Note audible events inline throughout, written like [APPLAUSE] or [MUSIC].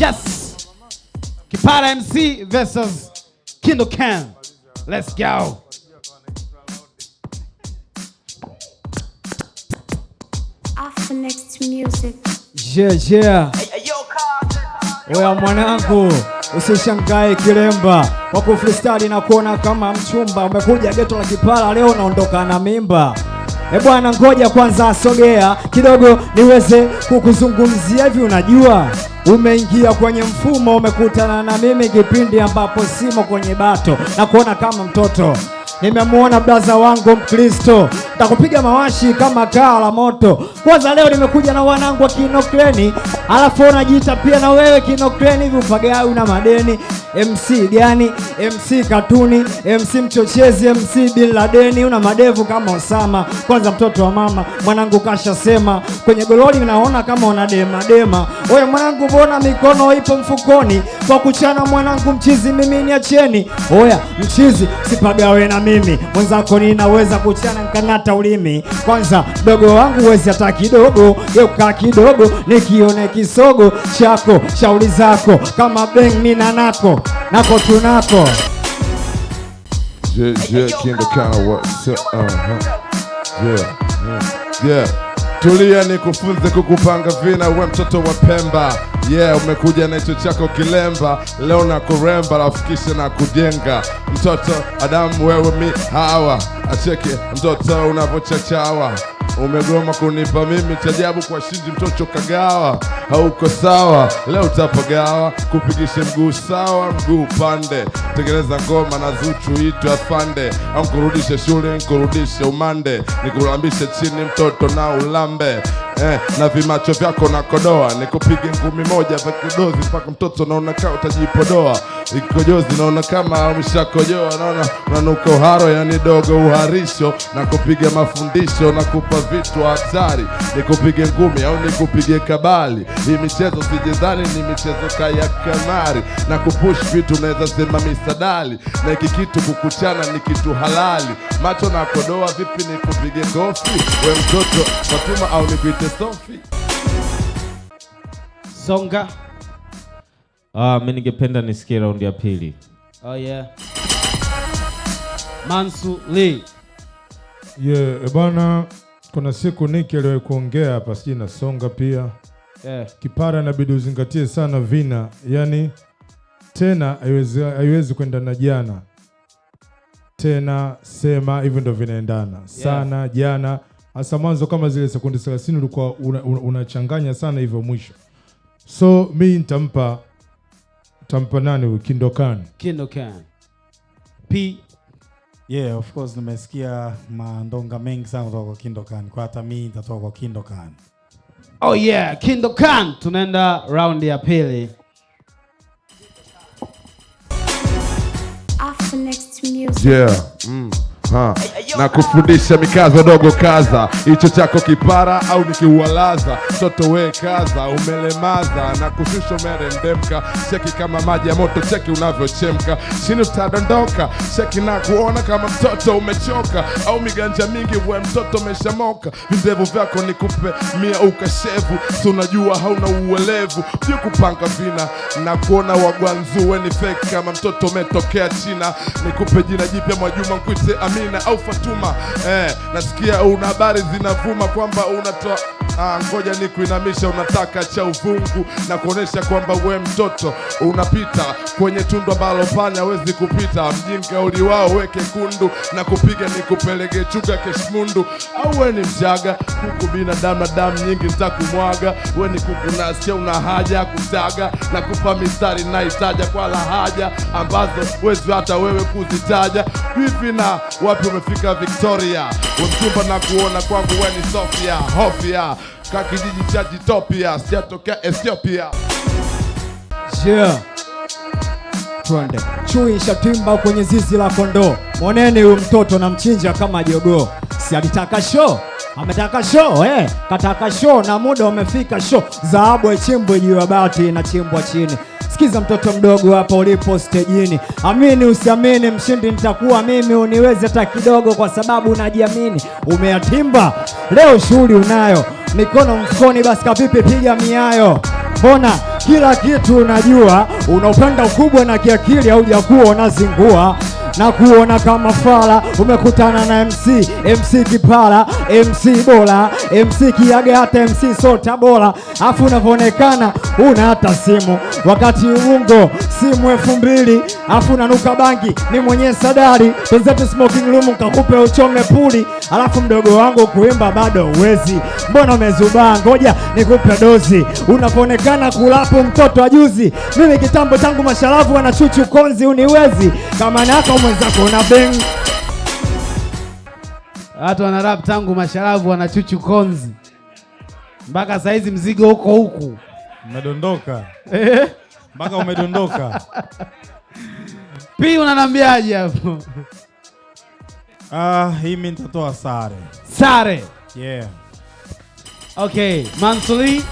Yes. Kipara MC versus Kindle Can. Let's go. After next music. Yeah, yeah. Oya mwanangu, usishangae kilemba kwa kufreestyle na kuona kama mchumba. Umekuja geto la Kipara leo unaondoka na mimba E bwana, ngoja kwanza, asogea kidogo niweze kukuzungumzia. Hivi unajua umeingia kwenye mfumo, umekutana na mimi kipindi ambapo simo kwenye bato na kuona kama mtoto Nimemwona blaza wangu Mkristo, takupiga mawashi kama kaa la moto. Kwanza leo nimekuja na wanangu wa kinokreni, alafu unajiita pia na wewe kinokreni. Hivi upagawi na madeni MC gani? MC katuni, MC mchochezi, MC bin Laden. Una madevu kama Osama, kwanza mtoto wa mama mwanangu kashasema, kwenye gololi naona kama una dema dema. Oye mwanangu, mbona mikono ipo mfukoni? Kwa kuchana mwanangu mchizi, mimi niacheni. Oya mchizi, sipagawe na mimi mwenzako, ninaweza kuchana nkanata ulimi. Kwanza dogo wangu wezi hata kidogo, geuka kidogo nikione kisogo chako shauli zako kama beng minanako nako tunako yeah, yeah, King of Kana so, uh -huh. yeah, yeah, yeah. Tulia kufunze kukupanga vina, we mtoto wa Pemba. Yeah, umekuja na hicho chako kilemba, leo na kuremba, lafikisha na kujenga. Mtoto Adamu, wewe mi hawa, acheke mtoto unavochachawa Umegoma kunipa mimi chajabu kwa shinji mtoto kagawa, hauko sawa leo utapagawa, kupigishe mguu sawa mguu upande, tengeneza ngoma na Zuchu itwa afande, au nkurudishe shule nkurudishe umande, nikulambishe chini mtoto na ulambe eh, na vimacho vyako na kodoa, nikupige ngumi moja za kidozi mpaka mtoto naona kama utajipodoa, ikojozi naona kama umeshakojoa, naona unanuka uharo, yani dogo uharisho, na kupiga mafundisho na kupa vitu hatari, nikupige ngumi au nikupige kabali, hii michezo sijidhani ni michezo kaya kamari, na kupush vitu naweza sema misadali, na iki kitu kukuchana ni kitu halali, macho na kodoa, vipi nikupige gofi we mtoto Fatuma au nikuite safi. Songa. uh, mimi ningependa nisikie raundi ya pili. Oh yeah. Mansu Lee. Yeah, e bana kuna siku Niki aliwai kuongea hapa sijui na Songa pia. Yeah. Kipara inabidi uzingatie sana vina, yani tena haiwezi kwenda na jana tena sema hivyo ndo vinaendana sana Jana hasa mwanzo, kama zile sekundi 30 ulikuwa unachanganya una, sana hivyo mwisho. So mi nitampa tampa nani huyu Kindokani. Kindokani. P Yeah, of course nimesikia mandonga mengi sana kutoka kwa Kindokani. Kwa hata mimi nitatoka kwa Kindokani. Oh yeah, Kindokani tunaenda round ya pili. Yeah. Mm. Huh na kufundisha mikazo dogo, kaza hicho chako kipara au nikiualaza mtoto we kaza, umelemaza na kushusha umerendemka, cheki kama maji ya moto, cheki unavyochemka, chini utadondoka, cheki na kuona kama mtoto umechoka, au miganja mingi we mtoto umeshamoka, vindevu vyako nikupe mia ukashevu, tunajua hauna uelevu, vyo kupanga vina na kuona wagwanzu, we ni fake kama mtoto umetokea China, nikupe jina jipya Mwajuma, mkwite Amina au kushtuma eh, nasikia una habari zinavuma kwamba unatoa Ah, ngoja ni kuinamisha, unataka cha uvungu na kuonesha kwamba we mtoto unapita kwenye tundu ambalo panya hawezi kupita. Mjinga uliwao weke kundu na kupiga ni kupelege chuka keshmundu, au we ni mchaga kuku binadamu na damu nyingi nitakumwaga. We ni kuku nasikia una haja kutaga na kupa mistari naitaja kwa lahaja ambazo wezi hata wewe kuzitaja. Vipi na wapi umefika Victoria? Wemtumba na kuona kwangu we ni Sofia hofia Ka kijiji cha Jitopia siatokea Ethiopia. Yeah. Twende. Chui shatimba kwenye zizi la kondoo. Moneni huyu mtoto na mchinja kama jogoo. Si alitaka show? Ametaka show eh, kataka show na muda umefika show. Dhahabu haichimbwi juu ya bati, inachimbwa chini. Sikiza mtoto mdogo hapa ulipo stejini, amini usiamini, mshindi nitakuwa mimi, uniweze hata kidogo, kwa sababu unajiamini. Umeyatimba leo, shughuli unayo mikono mfukoni, basi kavipi, piga miayo. Mbona kila kitu unajua, unaupenda ukubwa na kiakili, na zingua na kuona kama fala, umekutana na MC MC Kipala MC bora, MC kiaga, hata MC sota bora, afu unavyoonekana una hata simu, wakati ungo simu elfu mbili afu unanuka bangi, ni mwenye sadari penzetu smoking room, nkakupe uchome puli, alafu mdogo wangu kuimba bado uwezi, mbona umezubaa? Ngoja nikupe dozi, unavyoonekana kulapu mtoto ajuzi, mimi kitambo tangu masharafu anachuchu konzi uniwezi, kama nako mwenzako na beng Watu wana rap tangu masharabu wanachuchu konzi mpaka saizi mzigo huko huku umedondoka eh? mpaka umedondoka. [LAUGHS] pii unanambiaje hapo? Ah, hii nitatoa sare. Sare. Yeah. Okay, Mansuri.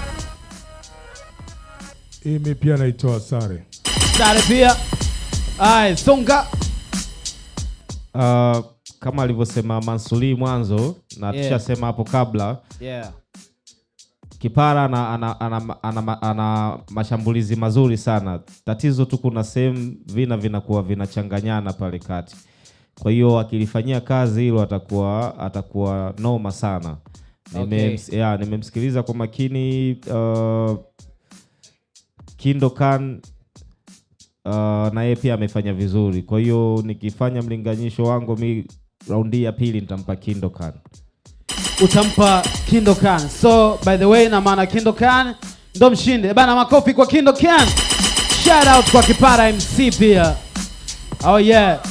Hii pia naitoa sare. Sare pia. Ai, songa. Ah uh, kama alivyosema Mansuri mwanzo na tushasema hapo kabla yeah. Kipara ana, ana, ana, ana, ana, ana mashambulizi mazuri sana. Tatizo tu kuna sehemu vina vinakuwa vinachanganyana pale kati, kwa hiyo akilifanyia kazi hilo atakuwa atakuwa noma sana. Nimemsikiliza okay. yeah, kwa makini uh, Kindokan uh, na yeye pia amefanya vizuri, kwa hiyo nikifanya mlinganisho wangu mi raundi ya pili nitampa Kindokan. Utampa Kindokan. So by the way, na maana Kindokan ndo mshinde eh, bana. Makofi kwa Kindokan. Shout out kwa Kipara MC pia. Oh yeah.